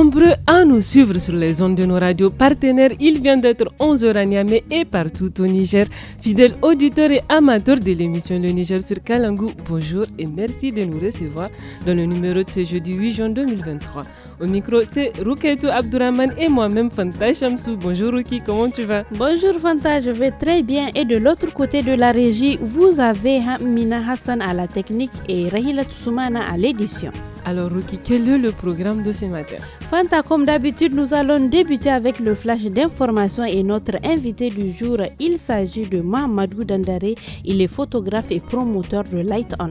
nombreux à nous suivre sur les ondes de nos radios partenaires. Il vient d'être 11h à Niamey et partout au Niger. Fidèles auditeurs et amateurs de l'émission Le Niger sur Kalangou, bonjour et merci de nous recevoir dans le numéro de ce jeudi 8 juin 2023. Au micro, c'est Rukaitou Abdurrahman et moi-même Fanta Chamsou. Bonjour Ruki, comment tu vas Bonjour Fanta, je vais très bien. Et de l'autre côté de la régie, vous avez hein, Mina Hassan à la technique et Rahila Toussoumana à l'édition. Alors Ruki, quel est le programme de ce matin Fanta, comme d'habitude, nous allons débuter avec le flash d'information et notre invité du jour, il s'agit de Mamadou Dandare. Il est photographe et promoteur de Light On.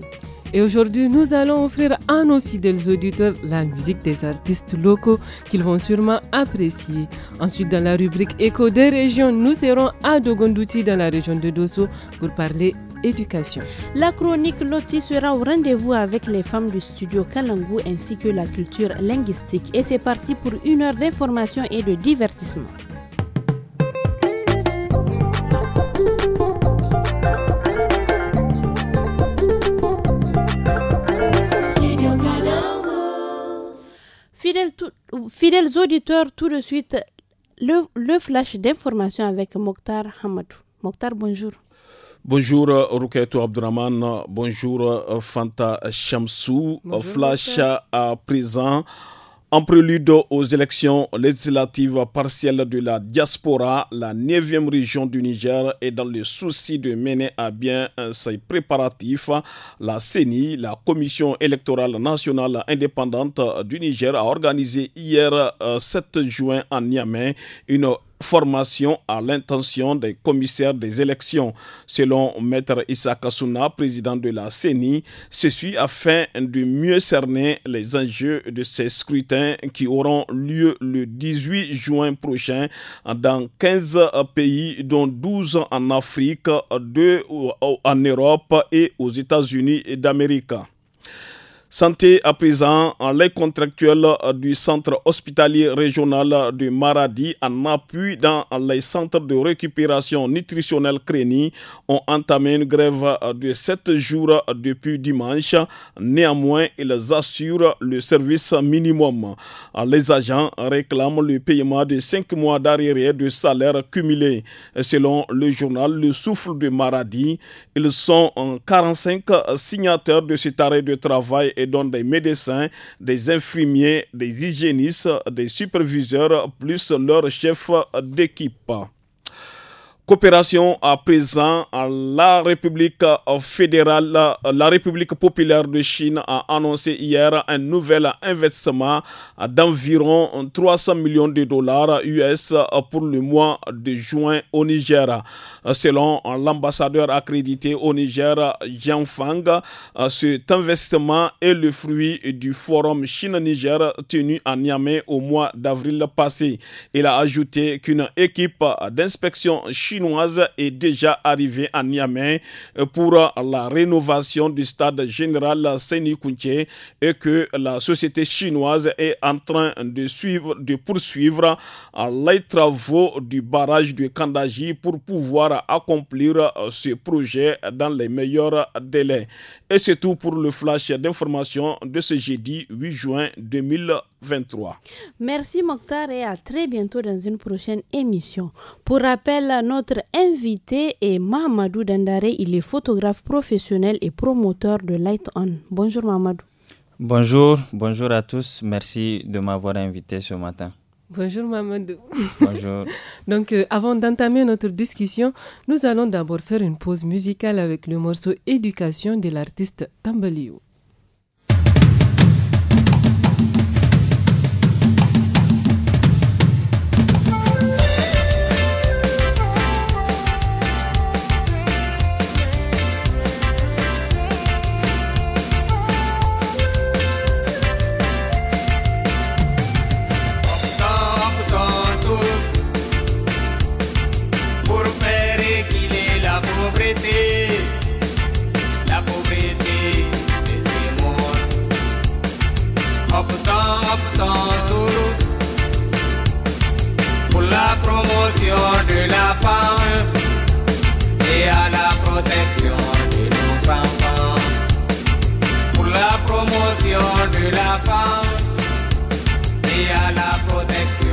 Et aujourd'hui, nous allons offrir à nos fidèles auditeurs la musique des artistes locaux qu'ils vont sûrement apprécier. Ensuite, dans la rubrique Écho des régions, nous serons à Dogondouti dans la région de Dosso pour parler éducation. La chronique Loti sera au rendez-vous avec les femmes du studio Kalangu ainsi que la culture linguistique. Et c'est parti pour une heure d'information et de divertissement. Fidèles, fidèles auditeurs, tout de suite, le flash d'information avec Mokhtar Hamadou. Mokhtar, bonjour. Bonjour euh, Ruketo Abdraman, bonjour euh, Fanta Shamsou. Flash à présent. En prélude aux élections législatives partielles de la diaspora, la 9e région du Niger est dans le souci de mener à bien euh, ses préparatifs. La CENI, la Commission électorale nationale indépendante du Niger, a organisé hier 7 juin à Niamey une formation à l'intention des commissaires des élections. Selon Maître Issa Kasuna, président de la CENI, ceci afin de mieux cerner les enjeux de ces scrutins qui auront lieu le 18 juin prochain dans 15 pays, dont 12 en Afrique, 2 en Europe et aux États-Unis d'Amérique. Santé à présent, les contractuels euh, du centre hospitalier régional euh, de Maradi en appui dans euh, les centres de récupération nutritionnelle Créni ont entamé une grève de 7 jours depuis dimanche. Néanmoins, ils assurent le service minimum. Les agents réclament le paiement de 5 mois d'arriérés de salaire cumulé. Selon le journal Le Souffle de Maradi, ils sont 45 signataires de cet arrêt de travail et dont des médecins, des infirmiers, des hygiénistes, des superviseurs, plus leur chefs d'équipe coopération à présent, à la République fédérale, la République populaire de Chine a annoncé hier un nouvel investissement d'environ 300 millions de dollars US pour le mois de juin au Niger. Selon l'ambassadeur accrédité au Niger, Jiang Fang, cet investissement est le fruit du forum Chine-Niger tenu à Niamey au mois d'avril passé. Il a ajouté qu'une équipe d'inspection chinoise chinoise est déjà arrivée à Niamey euh, pour euh, la rénovation du stade général Seni Kunche et que la société chinoise est en train de, suivre, de poursuivre euh, les travaux du barrage de Kandaji pour pouvoir accomplir ce projet dans les meilleurs délais. Et c'est tout pour le flash d'information de ce jeudi 8 juin 2020. 23. Merci Mokhtar et à très bientôt dans une prochaine émission. Pour rappel, notre invité est Mamadou Dandare. Il est photographe professionnel et promoteur de Light On. Bonjour Mamadou. Bonjour, bonjour à tous. Merci de m'avoir invité ce matin. Bonjour Mamadou. Bonjour. Donc euh, avant d'entamer notre discussion, nous allons d'abord faire une pause musicale avec le morceau Éducation de l'artiste Tambaliou. promotion de la femme et à la protection de nos enfants. Pour la promotion de la femme et à la protection.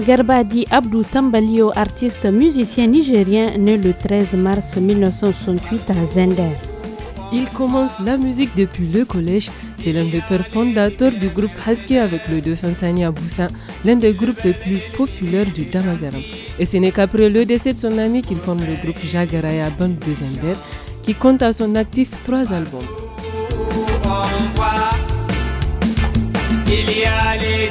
Garbadi Abdou Tambalio, artiste musicien nigérien né le 13 mars 1968 à Zender. Il commence la musique depuis le collège. C'est l'un des pères fondateurs du groupe Haske avec le dauphin Sani Boussa, l'un des groupes les plus populaires du Damagaram. Et ce n'est qu'après le décès de son ami qu'il forme le groupe Jagaraya Band de Zender, qui compte à son actif trois albums. Il y a les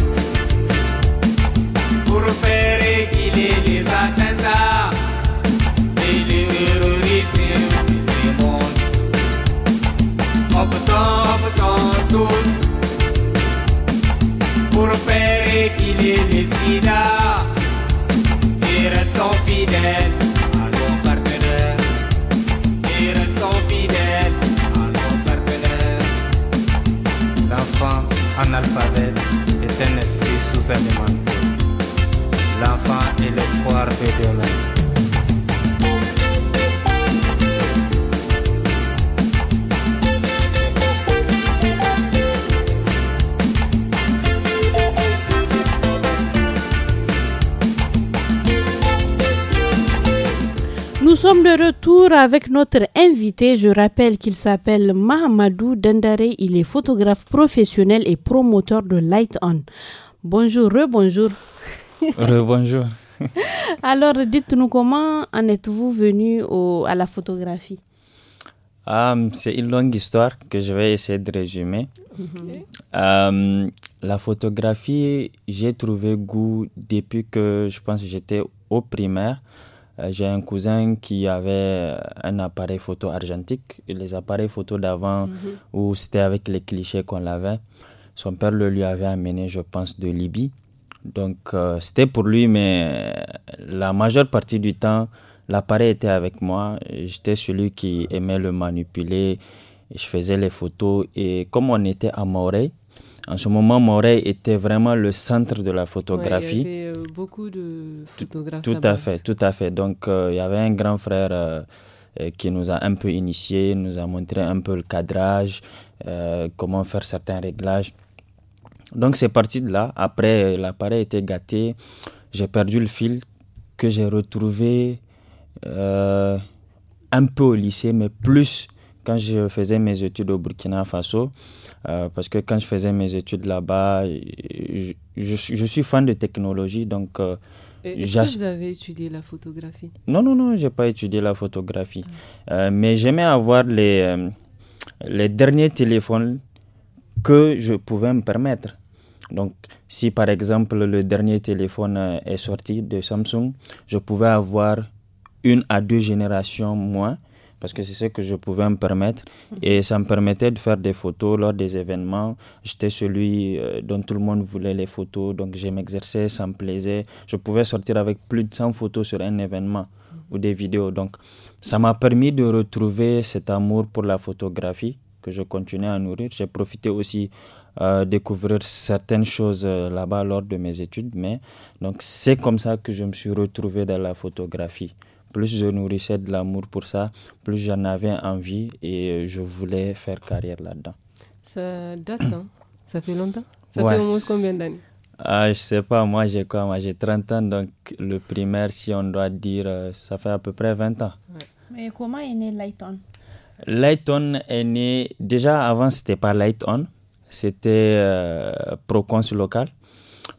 pour faire équilibrer les décida et restons fidèles à nos partenaires et restons fidèles à nos partenaires. L'enfant analphabète est un esprit sous-alimenté. L'enfant est l'espoir de demain. sommes de retour avec notre invité. Je rappelle qu'il s'appelle Mahamadou Dendare. Il est photographe professionnel et promoteur de Light On. Bonjour, rebonjour. Rebonjour. Alors, dites-nous comment en êtes-vous venu à la photographie ah, C'est une longue histoire que je vais essayer de résumer. Mhm. Euh, la photographie, j'ai trouvé goût depuis que je pense j'étais au primaire. Euh, j'ai un cousin qui avait euh, un appareil photo argentique, les appareils photo d'avant mhm. où c'était avec les clichés qu'on l'avait. Son père le lui avait amené, je pense, de Libye. Donc euh, c'était pour lui, mais la majeure partie du temps, l'appareil était avec moi. J'étais celui qui aimait le manipuler. Je faisais les photos et comme on était à en ce moment, oreille était vraiment le centre de la photographie. il y avait euh, beaucoup de photographes. Tout, à fait, tout à fait. Donc, euh, il y avait un grand frère euh, qui nous a un peu initiés, nous a montré un peu le cadrage, comment faire certains réglages. Donc, c'est parti de là. Après, l'appareil était gâté. J'ai perdu le fil que j'ai retrouvé un peu au lycée, mais plus quand je faisais mes études au Burkina Faso. Euh, parce que quand je faisais mes études là-bas, je, suis fan de technologie, donc... Euh, Est-ce que vous avez étudié la photographie Non, non, non, je n'ai pas étudié la photographie. Ah. Euh, mais j'aimais avoir les, euh, les derniers téléphones que je pouvais me permettre. Donc, si par exemple le dernier téléphone est sorti de Samsung, je pouvais avoir une à deux générations moins parce que c'est ce que je pouvais me permettre. Mhm. Et ça me permettait de faire des photos lors des événements. J'étais celui euh, dont tout le monde voulait les photos, donc je m'exerçais, ça me plaisait. Je pouvais sortir avec plus de 100 photos sur un événement ou des vidéos. Donc ça m'a permis de retrouver cet amour pour la photographie que je continuais à nourrir. J'ai profité aussi à euh, découvrir certaines choses euh, là-bas lors de mes études, mais donc c'est comme ça que je me suis retrouvé dans la photographie. Plus je nourrissais de l'amour pour ça, plus j'en avais envie et je voulais faire carrière là-dedans. Ça date, Ça fait longtemps Ça fait au moins combien d'années ah, je sais pas, moi j'ai quoi j'ai 30 ans, donc le primaire, si on doit dire, euh, ça fait à peu près 20 ans. Mais comment est né Lighton Lighton est né, déjà avant c'était pas Lighton, c'était euh, Proconsul local.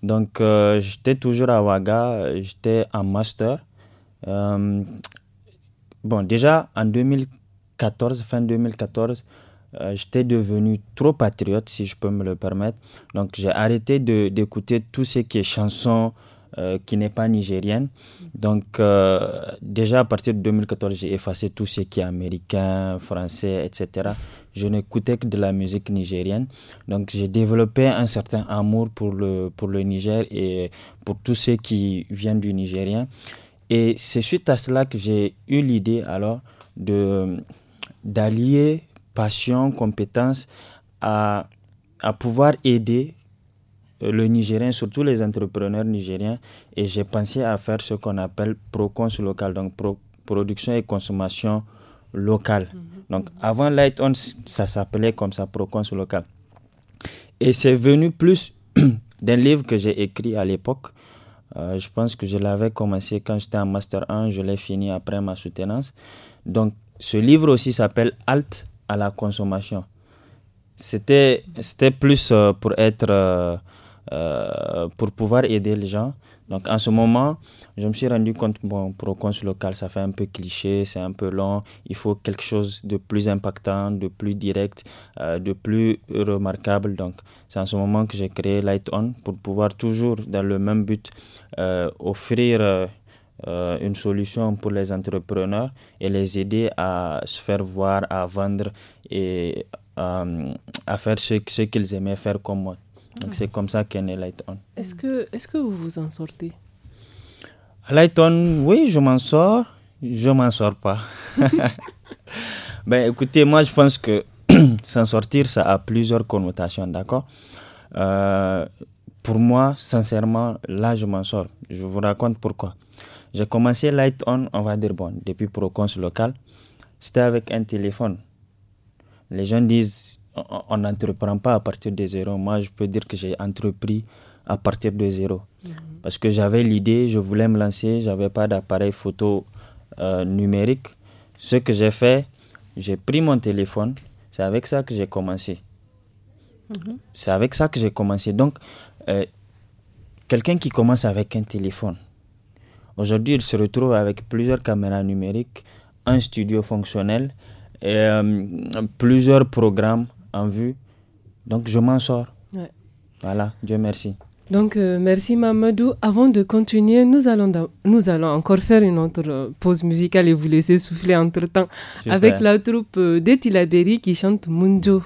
Donc euh, j'étais toujours à Ouaga, j'étais en master. Euh, bon, déjà en 2014, fin 2014, euh, j'étais devenu trop patriote, si je peux me le permettre. Donc j'ai arrêté d'écouter tout ce qui est chanson euh, qui n'est pas nigérienne. Donc déjà à partir de 2014, j'ai effacé tout ce qui est américain, français, etc. Je n'écoutais que de la musique nigérienne. Donc j'ai développé un certain amour pour le, pour le Niger et pour tout ce qui vient du Nigérien. Et c'est suite à cela que j'ai eu l'idée alors de d'allier passion, compétence à, à pouvoir aider euh, le Nigérien, surtout les entrepreneurs nigériens. Et j'ai pensé à faire ce qu'on appelle Procons local, donc production et consommation locale. Mhm. Donc avant Light ça s'appelait comme ça Procons local. Et c'est venu plus d'un livre que j'ai écrit à l'époque euh, je pense que je l'avais commencé quand j'étais en Master 1, je l'ai fini après ma soutenance. Donc, ce livre aussi s'appelle Halte à la consommation. C'était, plus euh, pour être, euh, pour pouvoir aider les gens. Donc en ce moment, je me suis rendu compte, bon, pour le local, ça fait un peu cliché, c'est un peu long, il faut quelque chose de plus impactant, de plus direct, euh, de plus remarquable. Donc c'est en ce moment que j'ai créé Light On pour pouvoir toujours, dans le même but, euh, offrir... Euh, une solution pour les entrepreneurs et les aider à se faire voir, à vendre et à faire ce, ce qu'ils aimaient faire comme moi c'est comme ça qu'est né On. Est-ce que, est que vous vous en sortez Light On, oui, je m'en sors. Je m'en sors pas. ben écoutez, moi je pense que s'en sortir, ça a plusieurs connotations, d'accord euh, Pour moi, sincèrement, là je m'en sors. Je vous raconte pourquoi. J'ai commencé Light On, on va dire bon, depuis Proconce local. C'était avec un téléphone. Les gens disent on n'entreprend pas à partir de zéro. Moi, je peux dire que j'ai entrepris à partir de zéro. Mhm. Parce que j'avais l'idée, je voulais me lancer, j'avais pas d'appareil photo euh, numérique. Ce que j'ai fait, j'ai pris mon téléphone, c'est avec ça que j'ai commencé. Mhm. C'est avec ça que j'ai commencé. Donc, euh, quelqu'un qui commence avec un téléphone, aujourd'hui, il se retrouve avec plusieurs caméras numériques, un studio fonctionnel, et, euh, plusieurs programmes en vue. Donc je m'en sors. Voilà, Dieu merci. Donc euh, merci Mamadou. Avant de continuer, nous allons, nous allons encore faire une autre euh, pause musicale et vous laisser souffler entre-temps avec la troupe euh, qui chante Munjo.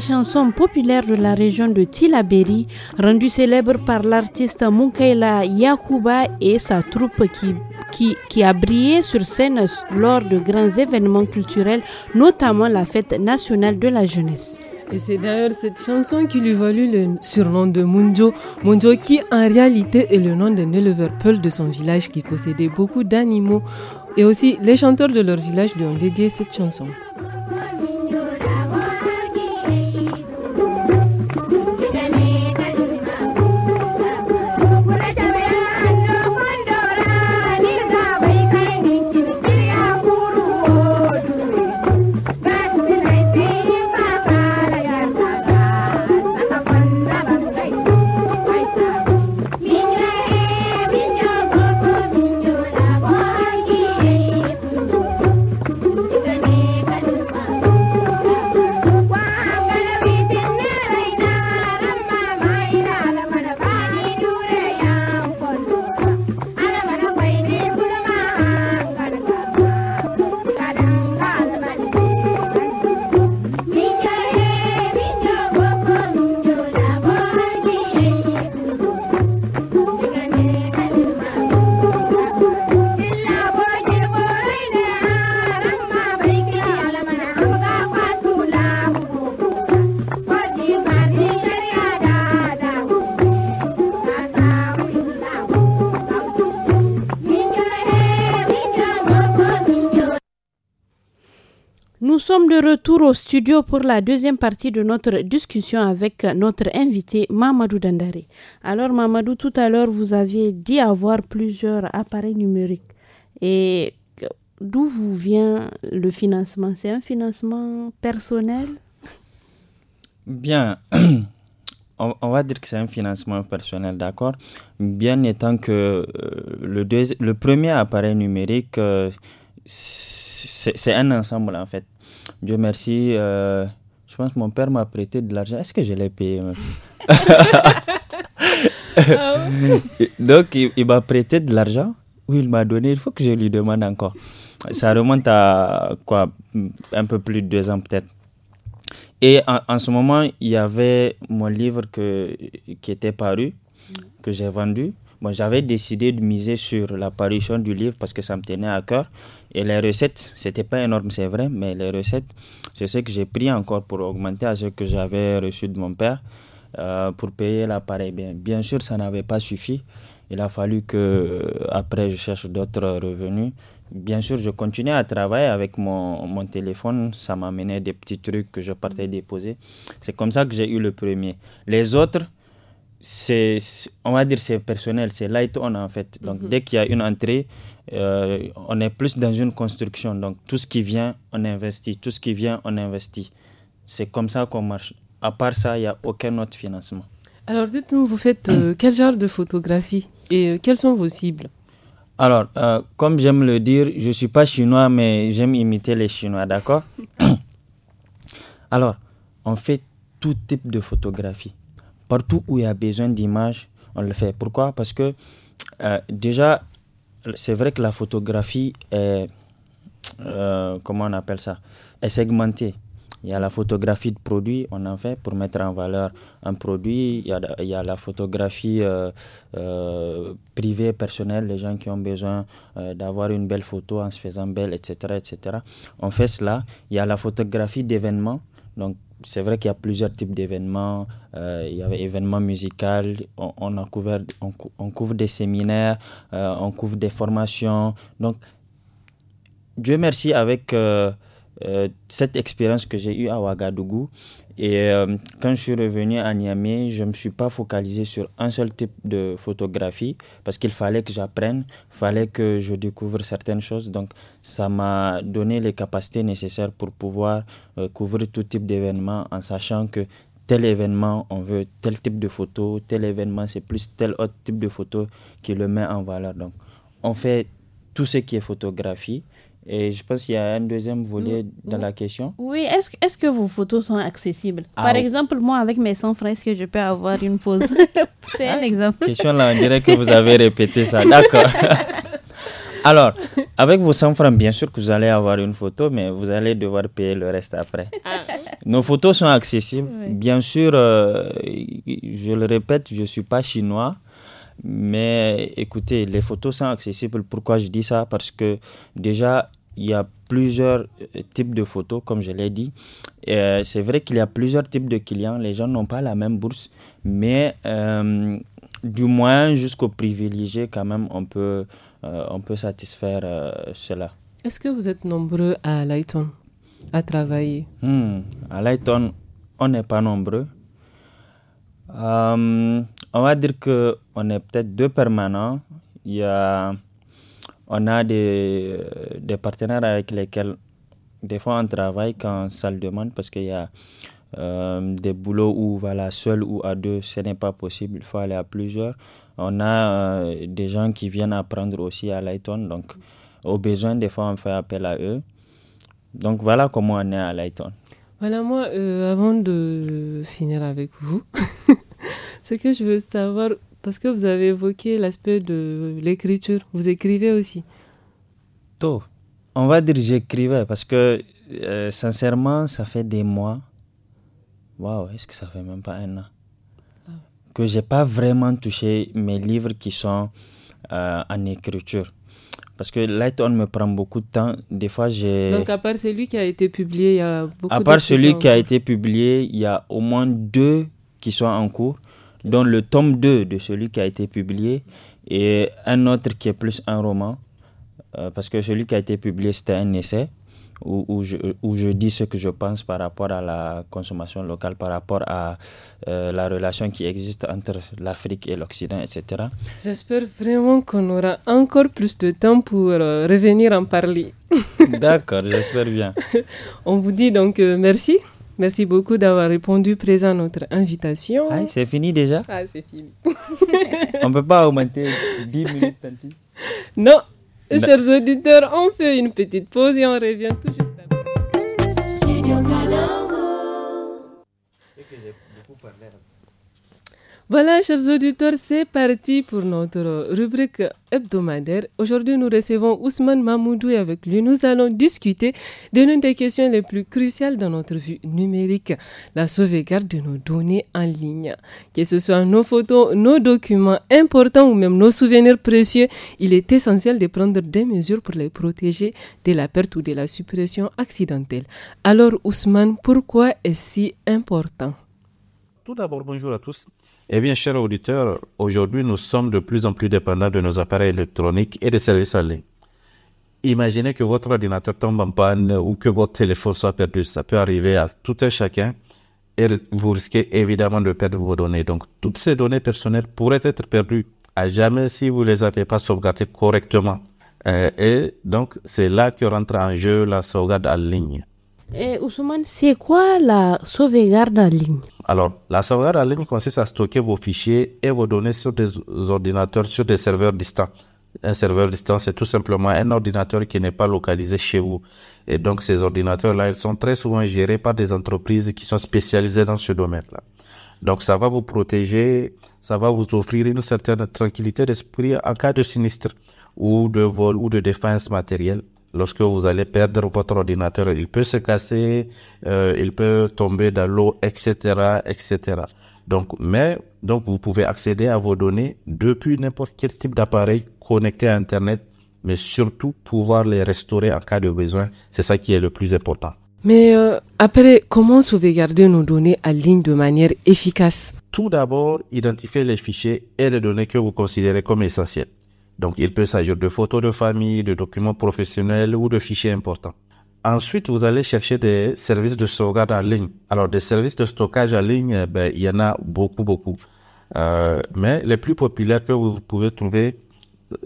chansons populaires de la région de Tilaberi, rendues célèbre par l'artiste Munkaila Yakuba et sa troupe qui qui, a brillé sur scène lors de grands événements culturels, notamment la fête nationale de la jeunesse. Et c'est d'ailleurs cette chanson qui lui valut le surnom de Munjo. Munjo qui en réalité est le nom d'un éleveur Peul de son village qui possédait beaucoup d'animaux. Et aussi les chanteurs de leur village lui ont dédié cette chanson. retour au studio pour la deuxième partie de notre discussion avec notre invité Mamadou Dandari. Alors Mamadou, tout à l'heure, vous aviez dit avoir plusieurs appareils numériques. Et d'où vous vient le financement C'est un financement personnel Bien, on, va dire que c'est un financement personnel, d'accord Bien étant que euh, le, premier appareil numérique, euh, c'est un ensemble en fait Dieu merci, euh, je pense que mon père m'a prêté de l'argent. Est-ce que je l'ai payé ah Donc, il, m'a prêté de l'argent. Oui, il m'a donné. Il faut que je lui demande encore. Ça remonte à quoi Un peu plus de deux ans peut-être. Et en, en, ce moment, il y avait mon livre que, qui était paru, que j'ai vendu. Bon, j'avais décidé de miser sur l'apparition du livre parce que ça me tenait à cœur. Et les recettes, c'était pas énorme, c'est vrai, mais les recettes, c'est ce que j'ai pris encore pour augmenter à ce que j'avais reçu de mon père euh, pour payer l'appareil. Bien, bien sûr, ça n'avait pas suffi. Il a fallu que, euh, après, je cherche d'autres revenus bien sûr, je continuais à travailler avec mon, mon téléphone. Ça m'amenait des petits trucs que je partais déposer. C'est comme ça que j'ai eu le premier. Les autres, c'est, on va dire, c'est personnel, c'est light on en fait. Donc mhm. dès qu'il y a une entrée, euh, on est plus dans une construction. Donc tout ce qui vient, on investit. Tout ce qui vient, on investit. C'est comme ça qu'on marche. À part ça, il n'y a aucun autre financement. Alors dites-nous, vous faites euh, quel genre de photographie et euh, quelles sont vos cibles Alors, comme j'aime le dire, je ne suis pas chinois, mais j'aime imiter les Chinois, d'accord Alors, on fait tout type de photographie Partout où il y a besoin d'images, on le fait. Pourquoi Parce que euh, déjà, c'est vrai que la photographie est, euh, comment on appelle ça, est segmentée. Il y a la photographie de produits on en fait pour mettre en valeur un produit. Il y a, la photographie euh, privée, personnelle, les gens qui ont besoin d'avoir une belle photo en se faisant belle, etc., etc. On fait cela. Il y a la photographie d'événements. Donc, c'est vrai qu'il y a plusieurs types d'événements. Euh, il y avait événements musicaux, on, on, couvre des séminaires, euh, on couvre des formations. Donc, Dieu merci avec euh, cette expérience que j'ai eue à Ouagadougou, et euh, quand je suis revenu à Niamey, je ne me suis pas focalisé sur un seul type de photographie parce qu'il fallait que j'apprenne, fallait que je découvre certaines choses. Donc, ça m'a donné les capacités nécessaires pour pouvoir euh, couvrir tout type d'événement en sachant que tel événement, on veut tel type de photo, tel événement, c'est plus tel autre type de photo qui le met en valeur. Donc, on fait tout ce qui est photographie et je pense qu'il y a un deuxième volet dans la question. Oui, est-ce que vos photos sont accessibles ah, Par exemple, moi, avec mes 100 francs, est-ce que je peux avoir une pause C'est un ah, exemple. Question là, on dirait que vous avez répété ça. D'accord. Alors, avec vos 100 francs, bien sûr que vous allez avoir une photo, mais vous allez devoir payer le reste après. Ah. Nos photos sont accessibles. Bien sûr, euh, je le répète, je ne suis pas chinois. Mais écoutez, les photos sont accessibles. Pourquoi je dis ça Parce que déjà, il y a plusieurs euh, types de photos, comme je l'ai dit. Euh, c'est vrai qu'il y a plusieurs types de clients. Les gens n'ont pas la même bourse, mais euh, du moins jusqu'au privilégié, quand même, on peut, on peut satisfaire cela. Est-ce que vous êtes nombreux à Lighton à travailler hmm. À Lighton, on n'est pas nombreux. On va dire qu'on est peut-être deux permanents. Il y a, on a des, des partenaires avec lesquels des fois on travaille quand ça le demande parce qu'il y a euh, des boulots où voilà, seul ou à deux, ce n'est pas possible, il faut aller à plusieurs. On a euh, des gens qui viennent apprendre aussi à Lighton, donc au besoin, des fois on fait appel à eux. Donc voilà comment on est à Lighton. Voilà, moi, euh, avant de finir avec vous, Ce que je veux savoir, parce que vous avez évoqué l'aspect de l'écriture, vous écrivez aussi Tôt. On va dire j'écrivais parce que euh, sincèrement, ça fait des mois. Waouh, est-ce que ça fait même pas un an ah. que j'ai pas vraiment touché mes livres qui sont euh, en écriture. Parce que Light On me prend beaucoup de temps. Des fois, j'ai. Donc, à part celui qui a été publié, il y a beaucoup À part celui qui a été publié, il y a au moins deux qui sont en cours dont le tome 2 de celui qui a été publié et un autre qui est plus un roman, euh, parce que celui qui a été publié, c'était un essai. Où, où, je, où, je, dis ce que je pense par rapport à la consommation locale, par rapport à euh, la relation qui existe entre l'Afrique et l'Occident, etc. J'espère vraiment qu'on aura encore plus de temps pour euh, revenir en parler. D'accord, j'espère bien. On vous dit donc merci. Merci beaucoup d'avoir répondu présent à notre invitation. Ah, c'est fini déjà Ah, c'est fini. on ne peut pas augmenter 10 minutes, tantôt? Non. Bah. Chers auditeurs, on fait une petite pause et on revient tout juste. Voilà, chers auditeurs, c'est parti pour notre rubrique hebdomadaire. Aujourd'hui, nous recevons Ousmane Mamoudou et avec lui, nous allons discuter de l'une des questions les plus cruciales dans notre vie numérique, la sauvegarde de nos données en ligne. Que ce soit nos photos, nos documents importants ou même nos souvenirs précieux, il est essentiel de prendre des mesures pour les protéger de la perte ou de la suppression accidentelle. Alors, Ousmane, pourquoi est-ce si important Tout d'abord, bonjour à tous. Eh bien, chers auditeurs, aujourd'hui, nous sommes de plus en plus dépendants de nos appareils électroniques et des services en ligne. Imaginez que votre ordinateur tombe en panne ou que votre téléphone soit perdu. Ça peut arriver à tout un chacun et vous risquez évidemment de perdre vos données. Donc, toutes ces données personnelles pourraient être perdues à jamais si vous ne les avez pas sauvegardées correctement. Euh, et donc, c'est là que rentre en jeu la sauvegarde en ligne. Et eh, Ousmane, c'est quoi la sauvegarde en ligne alors, la sauvegarde en ligne consiste à stocker vos fichiers et vos données sur des ordinateurs, sur des serveurs distants. Un serveur distant, c'est tout simplement un ordinateur qui n'est pas localisé chez vous. Et donc, ces ordinateurs-là, ils sont très souvent gérés par des entreprises qui sont spécialisées dans ce domaine-là. Donc, ça va vous protéger, ça va vous offrir une certaine tranquillité d'esprit en cas de sinistre ou de vol ou de défense matérielle lorsque vous allez perdre votre ordinateur, il peut se casser, euh, il peut tomber dans l'eau, etc., etc. Donc, mais donc vous pouvez accéder à vos données depuis n'importe quel type d'appareil connecté à Internet, mais surtout pouvoir les restaurer en cas de besoin. C'est ça qui est le plus important. Mais euh, après, comment sauvegarder nos données en ligne de manière efficace Tout d'abord, identifier les fichiers et les données que vous considérez comme essentielles. Donc, il peut s'agir de photos de famille, de documents professionnels ou de fichiers importants. Ensuite, vous allez chercher des services de sauvegarde en ligne. Alors, des services de stockage en ligne, eh ben, il y en a beaucoup, beaucoup. Euh, mais les plus populaires que vous pouvez trouver,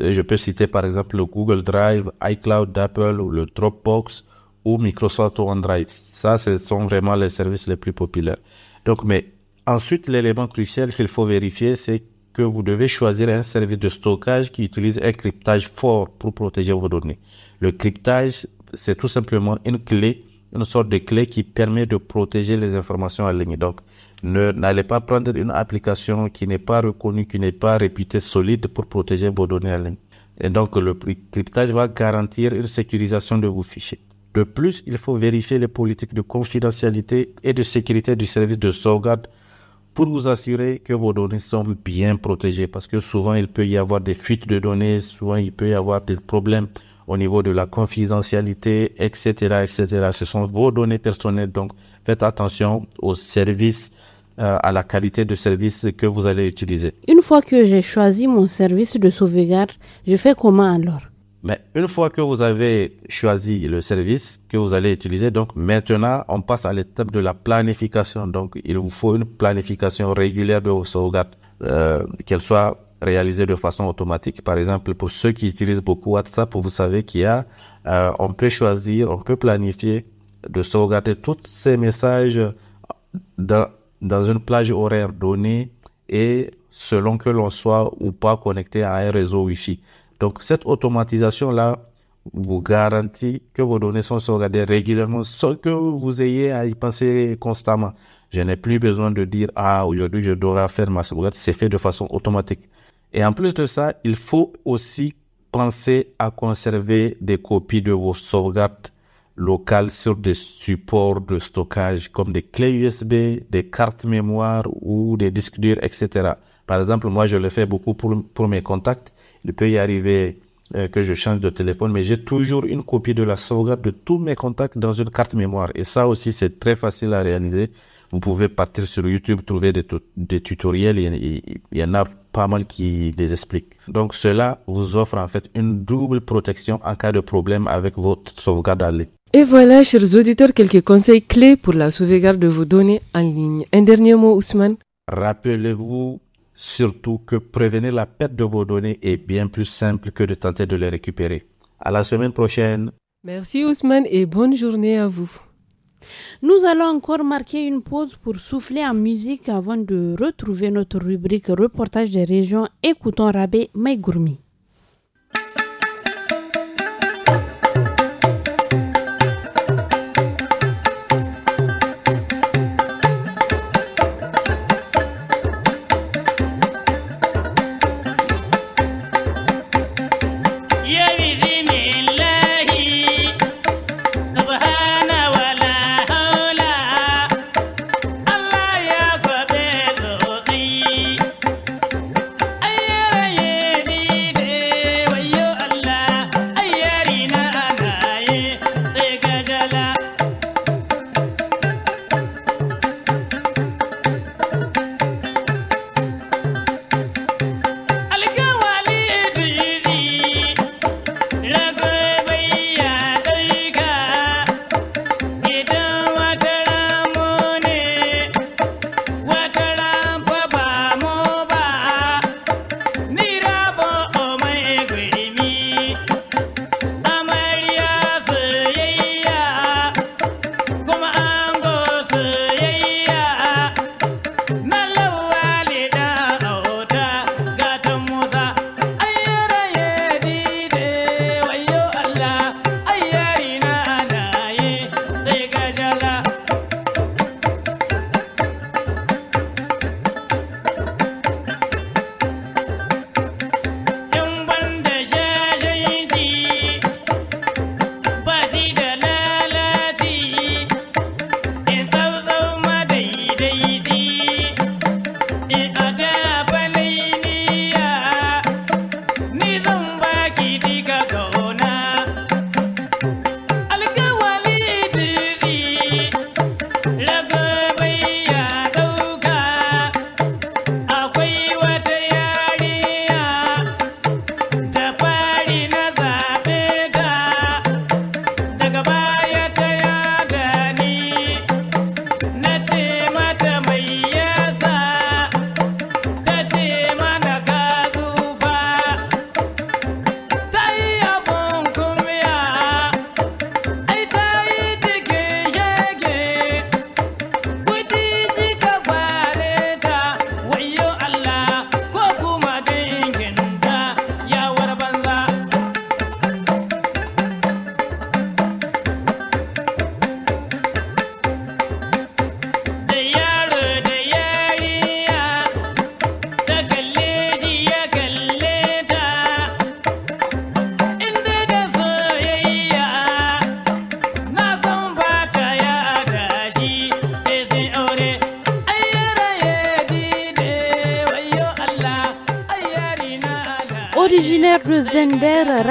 euh, je peux citer par exemple le Google Drive, iCloud d'Apple, ou le Dropbox ou Microsoft OneDrive. Ça, ce sont vraiment les services les plus populaires. Donc, mais ensuite, l'élément crucial qu'il faut vérifier, c'est que vous devez choisir un service de stockage qui utilise un cryptage fort pour protéger vos données. Le cryptage, c'est tout simplement une clé, une sorte de clé qui permet de protéger les informations en ligne. Donc, n'allez pas prendre une application qui n'est pas reconnue, qui n'est pas réputée solide pour protéger vos données en ligne. Et donc, le cryptage va garantir une sécurisation de vos fichiers. De plus, il faut vérifier les politiques de confidentialité et de sécurité du service de sauvegarde pour vous assurer que vos données sont bien protégées parce que souvent il peut y avoir des fuites de données, souvent il peut y avoir des problèmes au niveau de la confidentialité, etc., etc. Ce sont vos données personnelles, donc faites attention au service, euh, à la qualité de service que vous allez utiliser. Une fois que j'ai choisi mon service de sauvegarde, je fais comment alors mais une fois que vous avez choisi le service que vous allez utiliser, donc maintenant, on passe à l'étape de la planification. Donc, il vous faut une planification régulière de vos sauvegardes, euh, qu'elle soit réalisée de façon automatique. Par exemple, pour ceux qui utilisent beaucoup WhatsApp, vous savez qu'il y a, euh, on peut choisir, on peut planifier de sauvegarder tous ces messages dans, dans une plage horaire donnée et selon que l'on soit ou pas connecté à un réseau Wi-Fi. Donc cette automatisation-là vous garantit que vos données sont sauvegardées régulièrement sans que vous ayez à y penser constamment. Je n'ai plus besoin de dire, ah, aujourd'hui, je dois faire ma sauvegarde. C'est fait de façon automatique. Et en plus de ça, il faut aussi penser à conserver des copies de vos sauvegardes locales sur des supports de stockage comme des clés USB, des cartes mémoire ou des disques durs, etc. Par exemple, moi, je le fais beaucoup pour, pour mes contacts il peut y arriver euh, que je change de téléphone, mais j'ai toujours une copie de la sauvegarde de tous mes contacts dans une carte mémoire. Et ça aussi, c'est très facile à réaliser. Vous pouvez partir sur YouTube, trouver des, des tutoriels, il y en a pas mal qui les expliquent. Donc cela vous offre en fait une double protection en cas de problème avec votre sauvegarde en Et voilà, chers auditeurs, quelques conseils clés pour la sauvegarde de vos données en ligne. Un dernier mot, Ousmane. Rappelez-vous Surtout que prévenir la perte de vos données est bien plus simple que de tenter de les récupérer. À la semaine prochaine. Merci Ousmane et bonne journée à vous. Nous allons encore marquer une pause pour souffler en musique avant de retrouver notre rubrique reportage des régions. Écoutons Rabé Maïgourmi.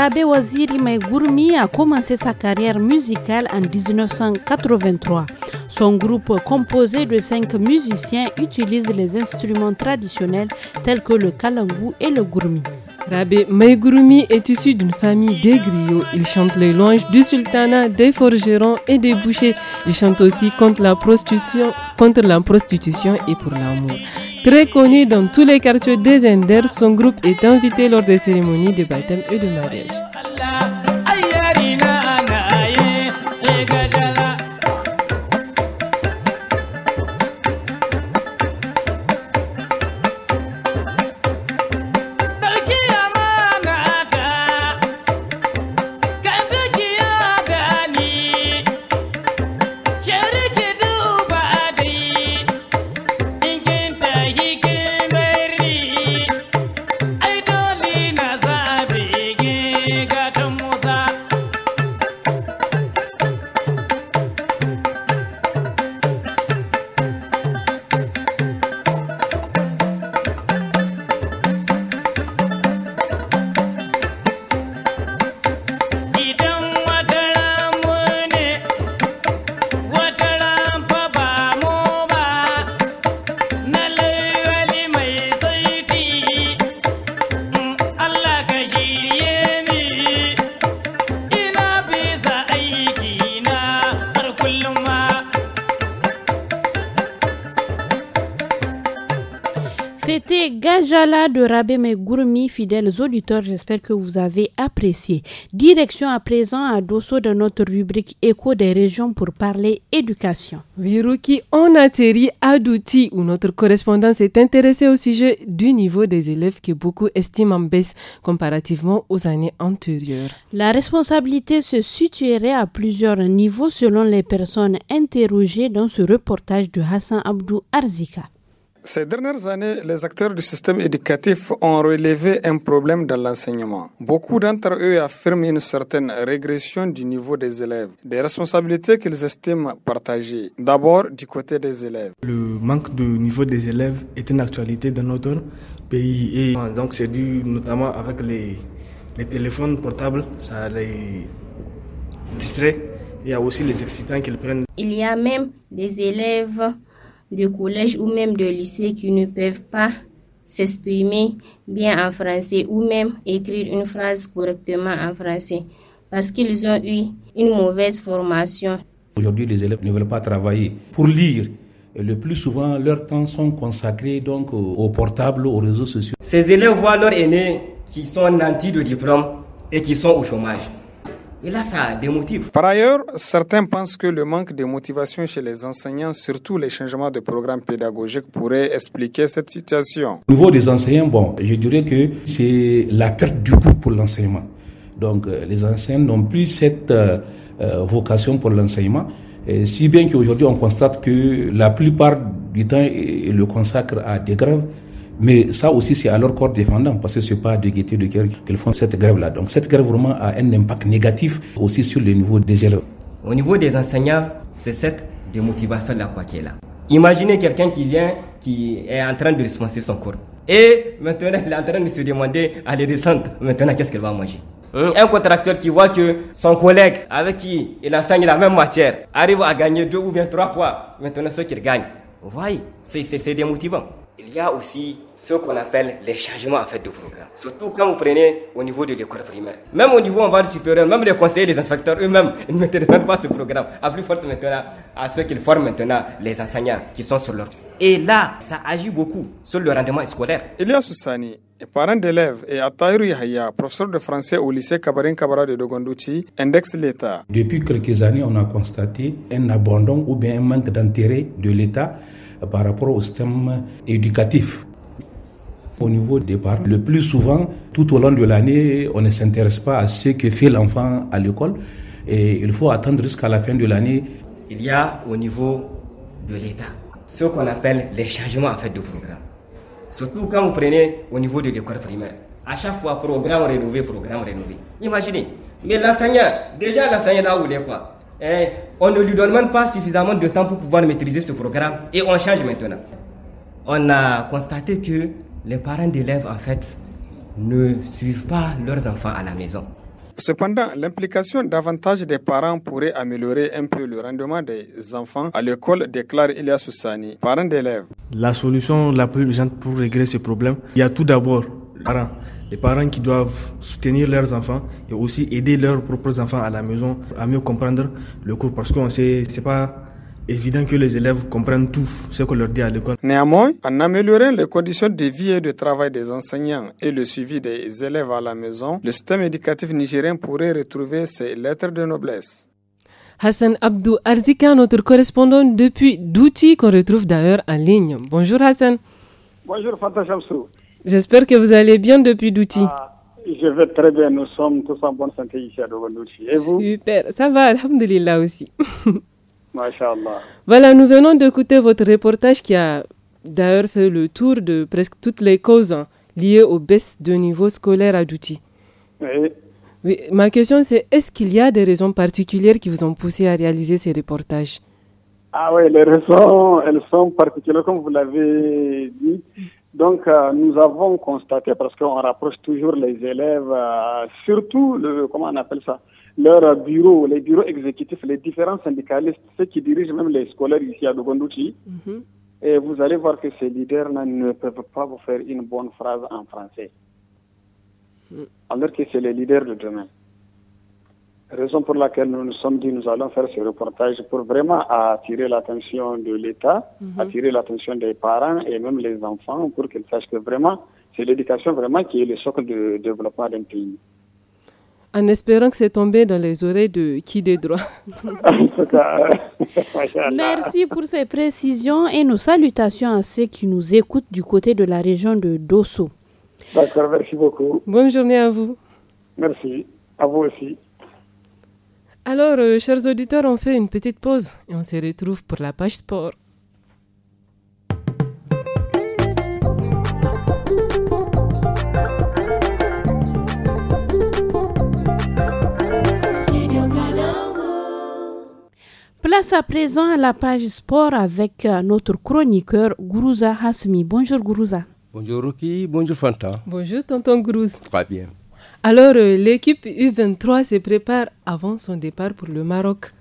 Abe Waziri Maigourmi a commencé sa carrière musicale en 1983. Son groupe, composé de cinq musiciens, utilise les instruments traditionnels tels que le kalangu et le gourmi. Rabé Maigurumi est issu d'une famille des griots. Il chante les louanges du sultanat, des forgerons et des bouchers. Il chante aussi contre la prostitution, contre la prostitution et pour l'amour. Très connu dans tous les quartiers des Enders, son groupe est invité lors des cérémonies de baptême et de mariage. Rabé gourmis fidèles auditeurs, j'espère que vous avez apprécié. Direction à présent à Dosso de notre rubrique Écho des régions pour parler éducation. Viruki, on atterrit à Douti où notre correspondance s'est intéressée au sujet du niveau des élèves que beaucoup estiment en baisse comparativement aux années antérieures. La responsabilité se situerait à plusieurs niveaux selon les personnes interrogées dans ce reportage de Hassan Abdou Arzika. Ces dernières années, les acteurs du système éducatif ont relevé un problème dans l'enseignement. Beaucoup d'entre eux affirment une certaine régression du niveau des élèves, des responsabilités qu'ils estiment partagées. D'abord, du côté des élèves. Le manque de niveau des élèves est une actualité dans notre pays et donc c'est dû notamment avec les, les téléphones portables, ça les distrait. Il y a aussi les excitants qu'ils prennent. Il y a même des élèves de collège ou même de lycée qui ne peuvent pas s'exprimer bien en français ou même écrire une phrase correctement en français parce qu'ils ont eu une mauvaise formation. Aujourd'hui, les élèves ne veulent pas travailler. Pour lire, le plus souvent, leur temps sont consacrés donc aux portables, aux réseaux sociaux. Ces élèves voient leurs aînés qui sont nantis de diplôme et qui sont au chômage. Et là, ça démotive. Par ailleurs, certains pensent que le manque de motivation chez les enseignants, surtout les changements de programme pédagogique, pourraient expliquer cette situation. Au niveau des enseignants, bon, je dirais que c'est la perte du goût pour l'enseignement. Donc, euh, les enseignants n'ont plus cette euh, euh, vocation pour l'enseignement, si bien qu'aujourd'hui, on constate que la plupart du temps, ils le consacrent à des grèves, mais ça aussi, c'est à leur corps défendant, parce que c'est pas de gaieté de cœur qu'ils font cette grève-là. Donc cette grève vraiment a un impact négatif aussi sur le niveau des élèves. Au niveau des enseignants, c'est cette démotivation-là quoi qui est là. Imaginez quelqu'un qui vient, qui est en train de dispenser son cours. Et maintenant, il est en train de se demander à descendre maintenant, qu'est-ce qu'elle va manger euh, un contracteur qui voit que son collègue avec qui il enseigne la même matière arrive à gagner deux ou bien trois fois maintenant ce qu'il gagne. Vous voyez, c'est démotivant il y a aussi ce qu'on appelle les changements à fait de programme. Surtout quand vous prenez au niveau de l'école primaire. Même au niveau, en va supérieur, même les conseillers, les inspecteurs eux-mêmes, ils ne m'intéressent même pas ce programme. À plus forte maintenant, à ceux qu'ils forment maintenant, les enseignants qui sont sur leur... Et là, ça agit beaucoup sur le rendement scolaire. Elias Soussani, parents d'élèves et Ataïru Yahya, professeur de français au lycée Kabarin Kabara de Dogondouchi, indexe l'État. Depuis quelques années, on a constaté un abandon ou bien un manque d'intérêt de l'État par rapport au système éducatif. Au niveau des parents, le plus souvent, tout au long de l'année, on ne s'intéresse pas à ce que fait l'enfant à l'école et il faut attendre jusqu'à la fin de l'année. Il y a au niveau de l'État ce qu'on appelle les changements en fait de programme. Surtout quand vous prenez au niveau de l'école primaire. À chaque fois, programme rénové, programme rénové. Imaginez. Mais l'enseignant, déjà l'enseignant là où il est quoi hein? On ne lui demande pas suffisamment de temps pour pouvoir maîtriser ce programme et on change maintenant. On a constaté que les parents d'élèves, en fait, ne suivent pas leurs enfants à la maison. Cependant, l'implication davantage des parents pourrait améliorer un peu le rendement des enfants à l'école, déclare Ilia Soussani, parent d'élèves. La solution la plus urgente pour régler ce problème, il y a tout d'abord les parents. Les parents qui doivent soutenir leurs enfants et aussi aider leurs propres enfants à la maison à mieux comprendre le cours parce qu'on sait, c'est pas évident que les élèves comprennent tout ce qu'on leur dit à l'école. Néanmoins, en améliorant les conditions de vie et de travail des enseignants et le suivi des élèves à la maison, le système éducatif nigérien pourrait retrouver ses lettres de noblesse. Hassan Abdou Arzika, notre correspondant depuis Douti, qu'on retrouve d'ailleurs en ligne. Bonjour Hassan. Bonjour Fanta J'espère que vous allez bien depuis Douti. Ah, je vais très bien, nous sommes tous en bonne santé ici à Douti. Et vous Super, ça va, Alhamdulillah aussi. Voilà, nous venons d'écouter votre reportage qui a d'ailleurs fait le tour de presque toutes les causes hein, liées aux baisses de niveau scolaire à Douti. oui. Ma question c'est est-ce qu'il y a des raisons particulières qui vous ont poussé à réaliser ces reportages Ah oui, les raisons, elles sont particulières comme vous l'avez dit. Donc, euh, nous avons constaté, parce qu'on rapproche toujours les élèves, euh, surtout, le, comment on appelle ça, leurs bureaux, les bureaux exécutifs, les différents syndicalistes, ceux qui dirigent même les scolaires ici à Dogondouchi. Mhm. Et vous allez voir que ces leaders-là ne peuvent pas vous faire une bonne phrase en français. Mm. Alors que c'est les leaders de demain. Raison pour laquelle nous nous sommes dit nous allons faire ce reportage pour vraiment attirer l'attention de l'État, mhm. attirer l'attention des parents et même les enfants pour qu'ils sachent que vraiment, c'est l'éducation vraiment qui est le socle de développement d'un pays. En espérant que c'est tombé dans les oreilles de qui des droits. Euh, merci pour ces précisions et nos salutations à ceux qui nous écoutent du côté de la région de Dosso. D'accord, merci beaucoup. Bonne journée à vous. Merci, à vous aussi. Alors, euh, chers auditeurs, on fait une petite pause et on se retrouve pour la page sport. Place à présent à la page sport avec euh, notre chroniqueur Gourouza Hasmi. Bonjour Gourouza. Bonjour Ruki, bonjour Fanta. Bonjour tonton Gourouz. Très bien. Alors, euh, l'équipe U23 se prépare avant son départ pour le Maroc.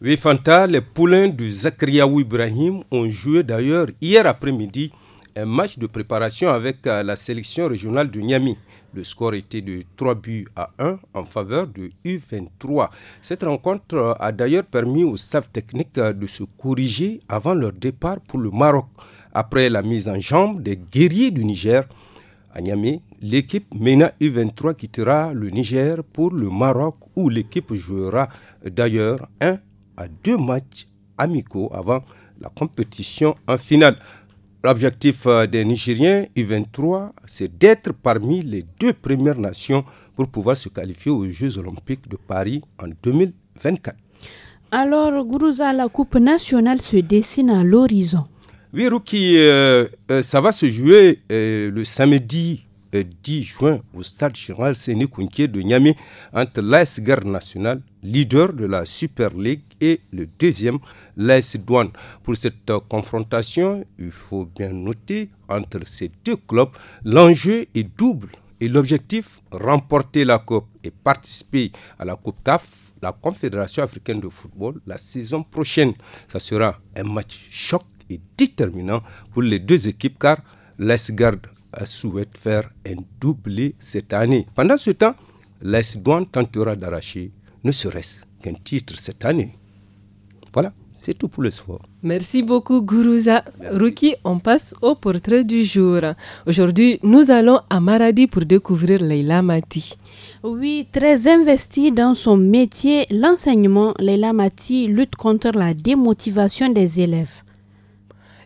Oui, Fanta, les poulains du Zakriaou Ibrahim ont joué d'ailleurs hier après-midi un match de préparation avec euh, la sélection régionale du Niamey. Le score était de 3 buts à 1 en faveur de U23. Cette rencontre euh, a d'ailleurs permis au staff technique de se corriger avant leur départ pour le Maroc. Après la mise en jambe des guerriers du Niger, à Niamey, l'équipe MENA U23 quittera le Niger pour le Maroc où l'équipe jouera d'ailleurs un à deux matchs amicaux avant la compétition en finale. L'objectif euh, des Nigériens U23, c'est d'être parmi les deux premières nations pour pouvoir se qualifier aux Jeux olympiques de Paris en 2024. Alors, Gourouza, la Coupe nationale se dessine à l'horizon. Oui, Ruki, euh, euh, ça va se jouer le samedi 10 juin au stade général Séné de Niamey entre l'AS Garde nationale, leader de la Super League, et le deuxième, l'AS Douane. Pour cette euh, confrontation, il faut bien noter, entre ces deux clubs, l'enjeu est double et l'objectif, remporter la Coupe et participer à la Coupe CAF la Confédération africaine de football la saison prochaine. Ça sera un match choc et déterminant pour les deux équipes car Garde euh, souhaite faire un doublé cette année. Pendant ce temps, l'AS tentera d'arracher ne serait-ce qu'un titre cette année. Voilà, c'est tout pour le soir. Merci beaucoup, Guruza Ruki, on passe au portrait du jour. Aujourd'hui, nous allons à Maradi pour découvrir Leila Mati. Oui, très investie dans son métier, l'enseignement, Leila Mati lutte contre la démotivation des élèves.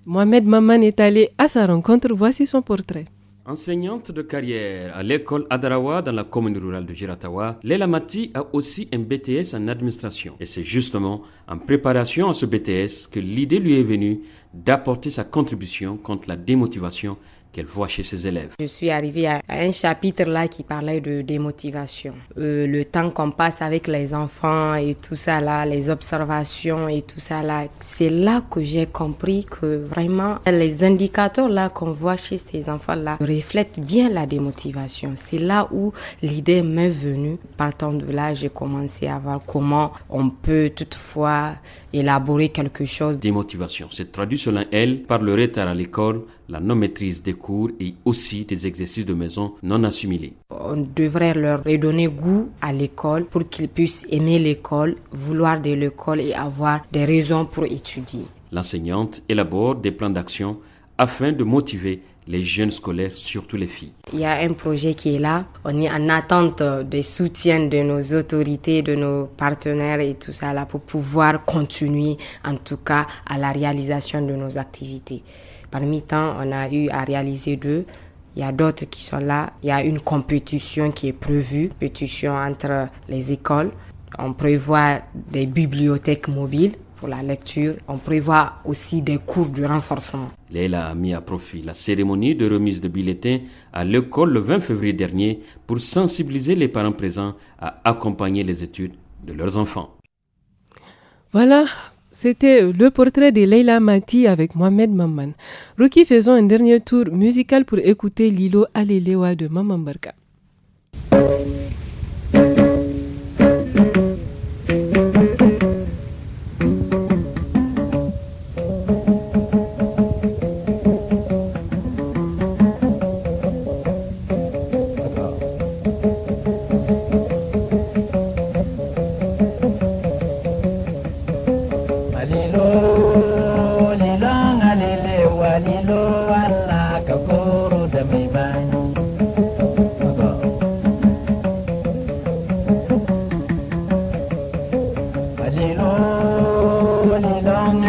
Mohamed Maman est allé à sa rencontre. Voici son portrait. Enseignante de carrière à l'école Adarawa dans la commune rurale de Giratawa, Leila Mati a aussi un BTS en administration. Et c'est justement en préparation à ce BTS que l'idée lui est venue d'apporter sa contribution contre la démotivation qu'elle voit chez ses élèves. Je suis arrivée à un chapitre là qui parlait de démotivation. Euh, le temps qu'on passe avec les enfants et tout ça là, les observations et tout ça là, c'est là que j'ai compris que vraiment les indicateurs là qu'on voit chez ces enfants là reflètent bien la démotivation. C'est là où l'idée m'est venue. Partant de là, j'ai commencé à voir comment on peut toutefois élaborer quelque chose. Démotivation, c'est traduit selon elle par le retard à l'école, la non-maîtrise des cours et aussi des exercices de maison non assimilés. On devrait leur redonner goût à l'école pour qu'ils puissent aimer l'école, vouloir de l'école et avoir des raisons pour étudier. L'enseignante élabore des plans d'action afin de motiver les jeunes scolaires, surtout les filles. Il y a un projet qui est là. On est en attente des soutien de nos autorités, de nos partenaires et tout ça là pour pouvoir continuer en tout cas à la réalisation de nos activités. Parmi tant, on a eu à réaliser deux. Il y a d'autres qui sont là. Il y a une compétition qui est prévue, compétition entre les écoles. On prévoit des bibliothèques mobiles pour la lecture. On prévoit aussi des cours de renforcement. Leila a mis à profit la cérémonie de remise de bulletins à l'école le 20 février dernier pour sensibiliser les parents présents à accompagner les études de leurs enfants. Voilà c'était euh, le portrait de Leila Mati avec Mohamed Mamman. Ruki, faisons un dernier tour musical pour écouter Lilo Alelewa de Maman Barka.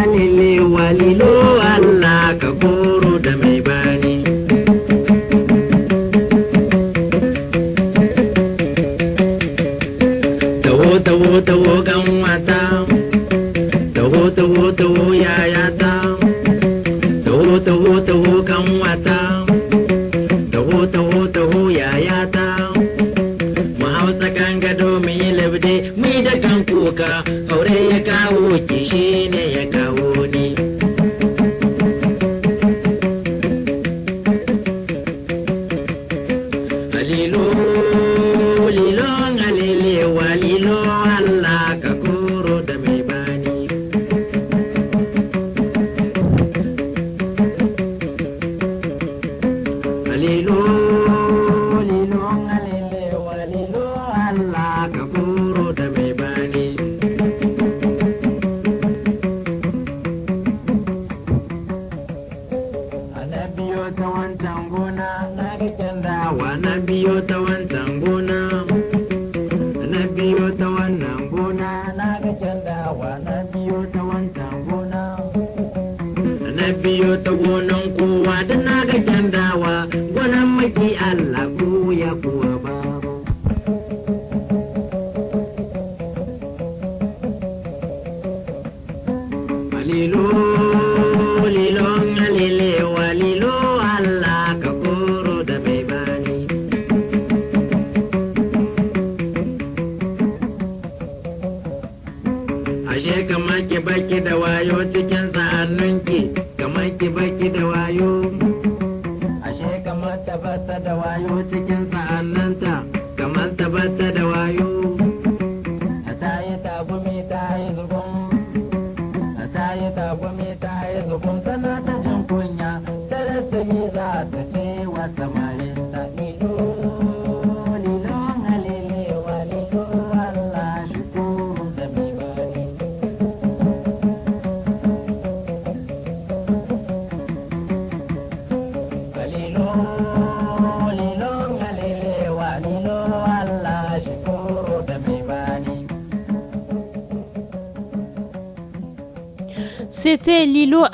halile walilo Allah ka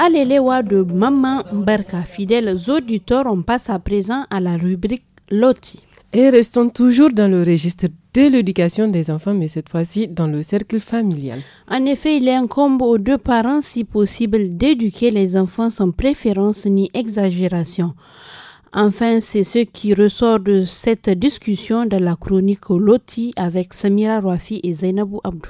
Allez les de Maman Berka. Fidèles auditeurs, on passe à présent à la rubrique Loti. Et restons toujours dans le registre de l'éducation des enfants, mais cette fois-ci dans le cercle familial. En effet, il incombe aux deux parents, si possible, d'éduquer les enfants sans préférence ni exagération. Enfin, c'est ce qui ressort de cette discussion de la chronique Loti avec Samira Rafi et Zainabou Abdou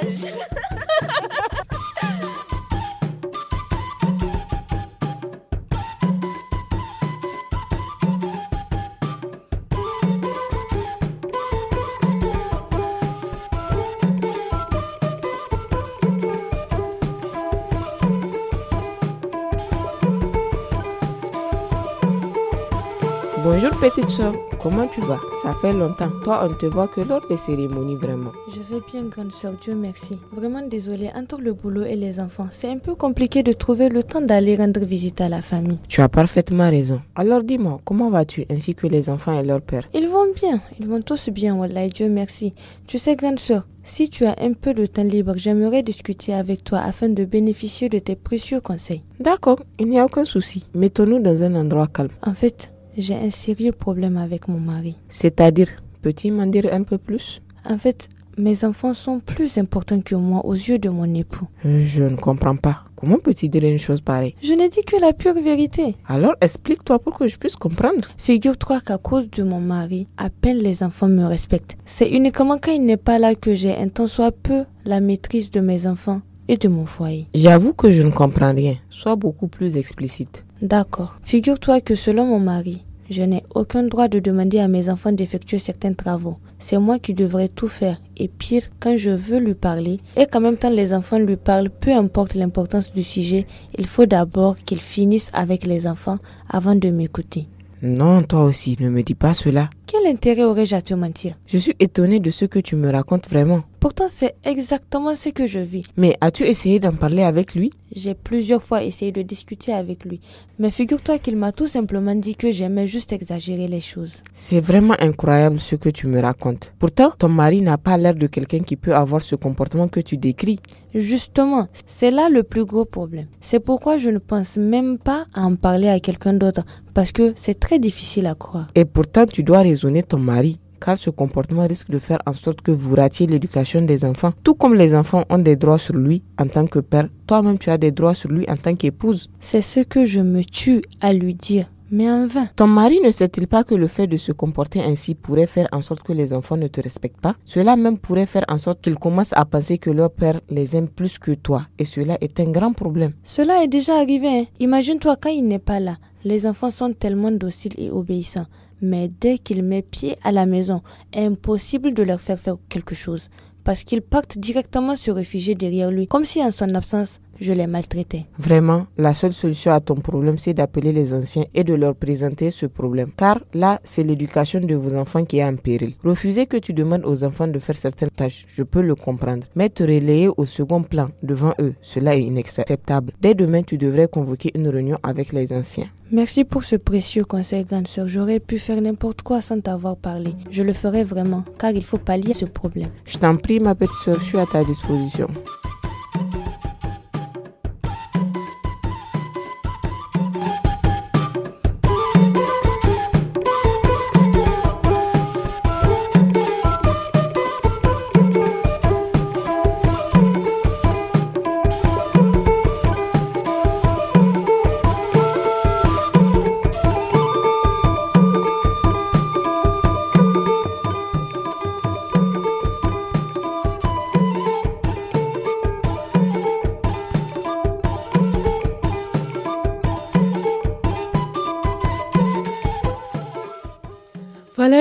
Bonjour petite soeur, comment tu vas Ça fait longtemps, toi on te voit que lors des cérémonies vraiment. Je vais bien grande soeur, Dieu merci. Vraiment désolée, entre le boulot et les enfants, c'est un peu compliqué de trouver le temps d'aller rendre visite à la famille. Tu as parfaitement raison. Alors dis-moi, comment vas-tu ainsi que les enfants et leur père Ils vont bien, ils vont tous bien, Wallah, Dieu merci. Tu sais grande soeur, si tu as un peu de temps libre, j'aimerais discuter avec toi afin de bénéficier de tes précieux conseils. D'accord, il n'y a aucun souci. Mettons-nous dans un endroit calme. En fait, j'ai un sérieux problème avec mon mari. C'est-à-dire, peux-tu m'en dire un peu plus En fait, mes enfants sont plus importants que moi aux yeux de mon époux. Je ne comprends pas. Comment peux-tu dire une chose pareille Je n'ai dit que la pure vérité. Alors explique-toi pour que je puisse comprendre. Figure-toi qu'à cause de mon mari, à peine les enfants me respectent. C'est uniquement quand il n'est pas là que j'ai un tant soit peu la maîtrise de mes enfants et de mon foyer. J'avoue que je ne comprends rien. Sois beaucoup plus explicite. D'accord. Figure-toi que selon mon mari, je n'ai aucun droit de demander à mes enfants d'effectuer certains travaux. C'est moi qui devrais tout faire. Et pire, quand je veux lui parler, et qu'en même temps les enfants lui parlent, peu importe l'importance du sujet, il faut d'abord qu'ils finissent avec les enfants avant de m'écouter. Non, toi aussi, ne me dis pas cela. Quel intérêt aurais-je à te mentir Je suis étonnée de ce que tu me racontes vraiment. Pourtant, c'est exactement ce que je vis. Mais as-tu essayé d'en parler avec lui J'ai plusieurs fois essayé de discuter avec lui. Mais figure-toi qu'il m'a tout simplement dit que j'aimais juste exagérer les choses. C'est vraiment incroyable ce que tu me racontes. Pourtant, ton mari n'a pas l'air de quelqu'un qui peut avoir ce comportement que tu décris. Justement, c'est là le plus gros problème. C'est pourquoi je ne pense même pas à en parler à quelqu'un d'autre, parce que c'est très difficile à croire. Et pourtant, tu dois résoudre ton mari car ce comportement risque de faire en sorte que vous ratiez l'éducation des enfants. Tout comme les enfants ont des droits sur lui en tant que père, toi-même tu as des droits sur lui en tant qu'épouse. C'est ce que je me tue à lui dire. Mais en vain. Ton mari ne sait-il pas que le fait de se comporter ainsi pourrait faire en sorte que les enfants ne te respectent pas Cela même pourrait faire en sorte qu'ils commencent à penser que leur père les aime plus que toi. Et cela est un grand problème. Cela est déjà arrivé. Hein. Imagine-toi quand il n'est pas là. Les enfants sont tellement dociles et obéissants. Mais dès qu'il met pied à la maison, impossible de leur faire faire quelque chose parce qu'ils partent directement se réfugier derrière lui, comme si en son absence, je l'ai maltraité. Vraiment, la seule solution à ton problème, c'est d'appeler les anciens et de leur présenter ce problème. Car là, c'est l'éducation de vos enfants qui est en péril. Refuser que tu demandes aux enfants de faire certaines tâches, je peux le comprendre. Mais te relayer au second plan devant eux, cela est inacceptable. Dès demain, tu devrais convoquer une réunion avec les anciens. Merci pour ce précieux conseil, grande sœur. J'aurais pu faire n'importe quoi sans t'avoir parlé. Je le ferai vraiment, car il faut pallier ce problème. Je t'en prie, ma petite sœur, je suis à ta disposition.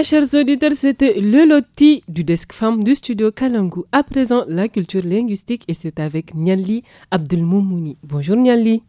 chers auditeurs, c'était le loti du Desk Femme du studio Kalangu. À présent, la culture linguistique et c'est avec Nyali Abdelmoumouni. Bonjour Nyali.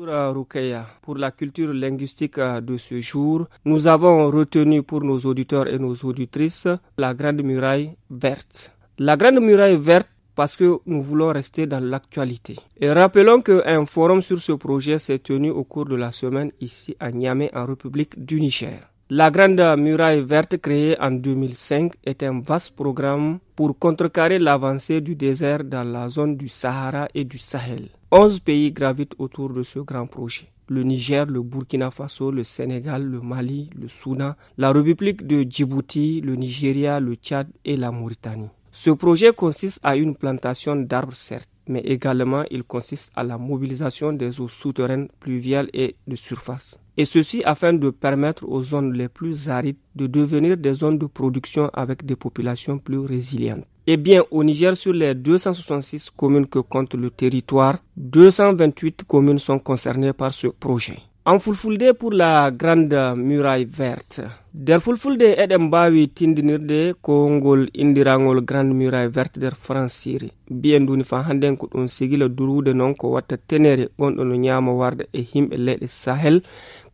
Euh, euh, pour la culture linguistique euh, de ce jour, nous avons retenu pour nos auditeurs et nos auditrices la Grande Muraille Verte. La Grande Muraille Verte parce que nous voulons rester dans l'actualité. Et rappelons qu'un forum sur ce projet s'est tenu au cours de la semaine ici à Niamey en République du Niger. La Grande Muraille Verte créée en 2005 est un vaste programme pour contrecarrer l'avancée du désert dans la zone du Sahara et du Sahel. Onze pays gravitent autour de ce grand projet. Le Niger, le Burkina Faso, le Sénégal, le Mali, le Soudan, la République de Djibouti, le Nigeria, le Tchad et la Mauritanie. Ce projet consiste à une plantation d'arbres certes, mais également il consiste à la mobilisation des eaux souterraines, pluviales et de surface. Et ceci afin de permettre aux zones les plus arides de devenir des zones de production avec des populations plus résilientes. Eh bien, au Niger, sur les 266 communes que compte le territoire, 228 communes sont concernées par ce projet. an fulfulde pour la grande muraille verte nder fulfulde eɗen mbawi tindinirde kongol indirangol grande muraille verte nder francir mbiyen duni fa handen ko ɗum sigila durwude noon ko watta tenere gonɗo no ñama warda e himɓe leyɗe sahel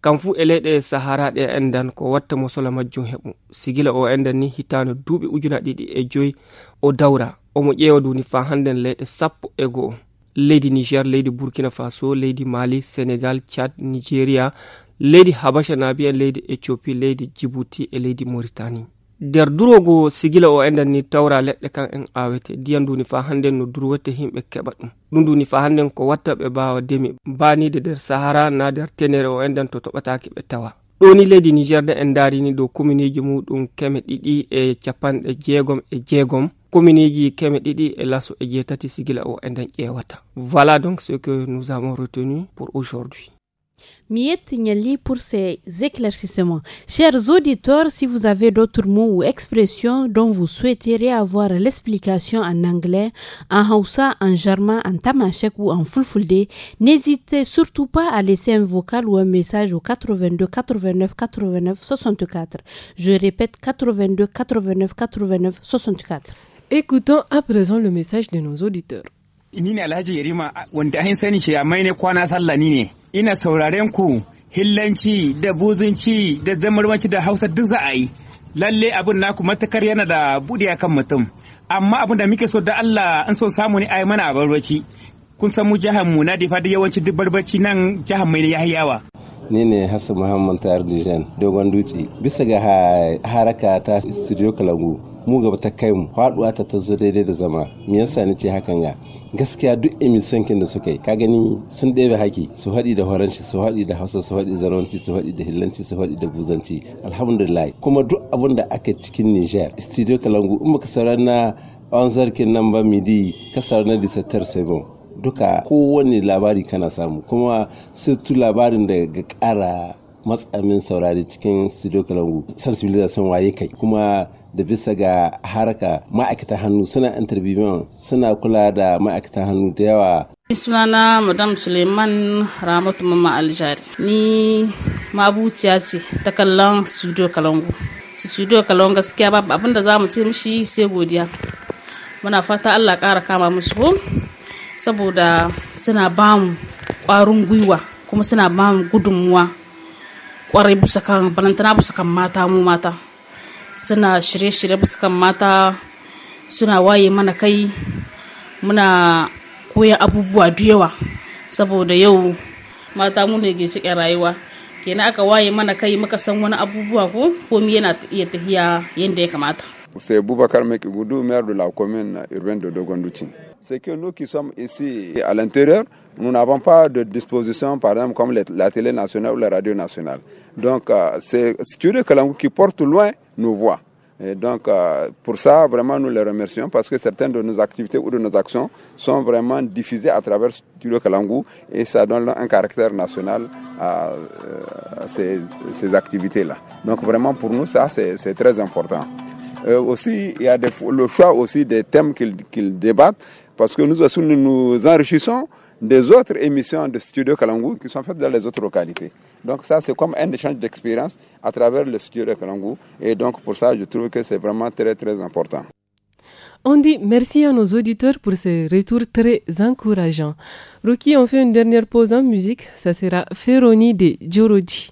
kam fu e leyɗe sahara ɗe endan ko watta mosola majjum heɓu sigila o endan ni hitano duuɓi ujuna ɗiɗi e joyi o dawra omo ƴeewa duni fa handen leyɗe sappo e go'o Lady niger Lady burkina faso Lady mali sénégal Chad, nigeria Lady habasha Lady Lady ethiopie Lady djibouti et Lady mauritanie Der durogo sigila o enden ni tawra leɗɗe en awete ndiyan duni fa hannden no durwete himɓe keɓa ɗum fa ko watta ɓe demi sahara na nder tenere o enden to tawa Oni niger de en do dow communiji muɗum keme ɗiɗi e capanɗe jeegom e jeegom e laso e sigila o e voilà donc ce que nous avons retenu pour aujourd'hui Miette nyali pour ces éclaircissements. Chers auditeurs, si vous avez d'autres mots ou expressions dont vous souhaiteriez avoir l'explication en anglais, en hausa en germain, en tamashek ou en fulfulde, n'hésitez surtout pas à laisser un vocal ou un message au 82 89 89 64. Je répète 82 89 89 64. Écoutons à présent le message de nos auditeurs. Ni ne Alhaji Yarima wanda an sani shi mai ne kwana sallah ni ne. Ina sauraren ku hillanci da buzunci da zamarwanci da Hausa duk za a yi. Lalle abin naku matakar yana da buɗe kan mutum. Amma abin da muke so da Allah an so samu ne a mana a barbaci. Kun san mu jihar mu na difa fadi yawanci duk barbaci nan jihar mai ya yawa. ni ne hassan muhammad tayar dogon dutse bisa ga haraka ta studio kalangu mu gaba ta kai mu faduwa ta tazo daidai da zama me yasa ni ce hakan ga gaskiya duk emission kin da suka yi ka gani sun ɗebe haki su haɗi da horanci su haɗi da hausa su haɗi zaranci su haɗi da hillanci su haɗi da buzanci alhamdulillah kuma duk abin da aka cikin Niger studio Kalangu in baka saurara na an zarkin nan ba midi ka na disatar sabon duka kowane labari kana samu kuma surtu labarin da ga kara matsamin saurari cikin studio kalangu sensibilization waye kai kuma da bisa ga haraka ma'aikatan hannu suna interview suna kula da ma'aikatan hannu da yawa sunana madam suleiman ramatu mama aljari ni mabuciya ce ta kallon studio kalangu studio kalangu gaskiya babu abin da za mu ce mishi sai godiya muna fata allah kara kama musu ko saboda suna ba mu kwarin gwiwa kuma suna ba mu gudunmuwa kwarai bisa kan balantana bisa kan mata mu mata suna shirye-shirye fuskan mata suna waye mana kai muna koya abubuwa da yawa saboda yau mata mu ne ginshiƙin rayuwa kenan aka waye mana kai muka san wani abubuwa ko komi yana iya tafiya yadda ya kamata c'est Boubacar Mekigudu, maire de la commune urbaine de Dogondouchi. C'est que nous qui sommes ici à l'intérieur, nous n'avons pas de disposition, par exemple, comme la télé nationale ou la radio nationale. Donc, euh, c'est Studio Kalangu qui porte loin nous voient. Et donc, euh, pour ça, vraiment, nous les remercions parce que certaines de nos activités ou de nos actions sont vraiment diffusées à travers Studio Kalangu et ça donne un caractère national à, euh, ces, ces activités-là. Donc, vraiment, pour nous, ça, c'est très important. Euh, aussi, il y a des, le choix aussi des thèmes qu'ils débattent parce que nous aussi, nous nous enrichissons des autres émissions de Studio Kalangu qui sont faites dans les autres localités. Donc ça, c'est comme un échange d'expérience à travers le studio de Kalangu. Et donc pour ça, je trouve que c'est vraiment très, très important. On dit merci à nos auditeurs pour ces retours très encourageants. Rocky, on fait une dernière pause en musique. Ça sera Ferroni de Djorodi.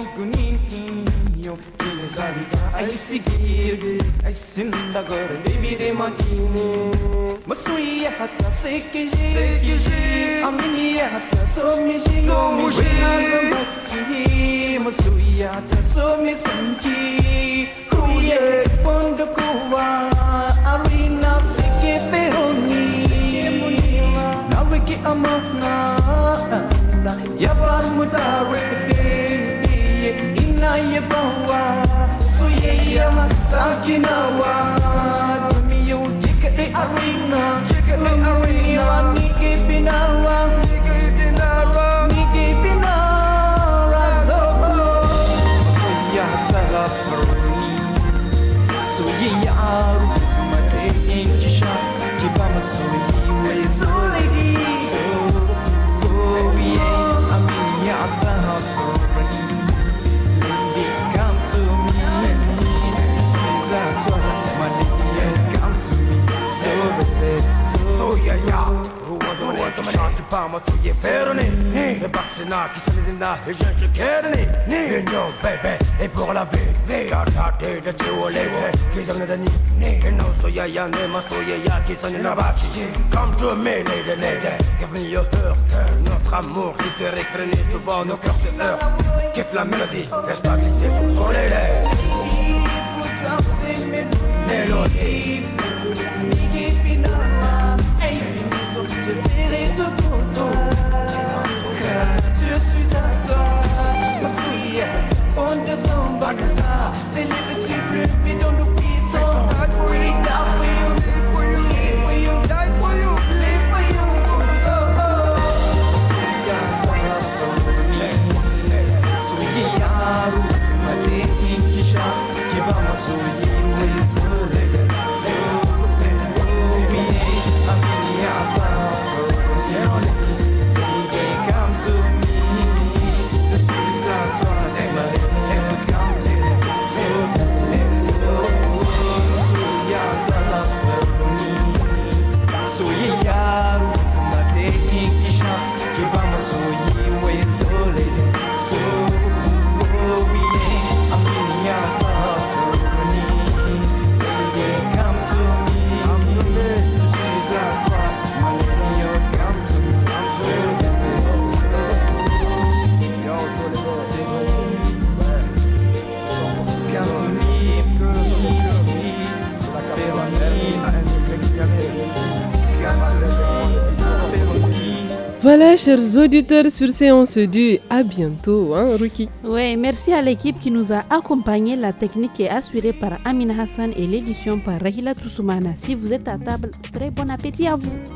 Moguninho Que nos aviga Ai seguir aí sinda agora Baby de sou Masui é hata Sekeji Sekeji Amini é hata Someji Someji Winazambaki Masui é hata Some sanki Kuye Pondo kuwa Arina Seke pehoni Nawiki amana Yabar mutare yanayoboa soyayya ta ginawa Tumiyaw di ka arena arena Ni ibinawa Mama så ge feroni Le vaccina mm. qui se dina Et je te ni mm. non bébé et pour la vie Car ta tid är tro och leve Qui som den ni Et non så jag jag nema så jag jag Qui som dina vachi Come to me lady lady Give me your heart Notre amour qui se récréne Tu vois nos cœurs se heurtent Kiffe la mélodie Laisse pas glisser sur ton lélé Mélodie Onde samba cantar, se lhe sempre chers auditeurs. Sur séance du à bientôt, hein, Ruki. Oui, merci à l'équipe qui nous a accompagnés. La technique est assurée par Amin Hassan et l'édition par Rahila Toussoumana. Si vous êtes à table, très bon appétit à vous.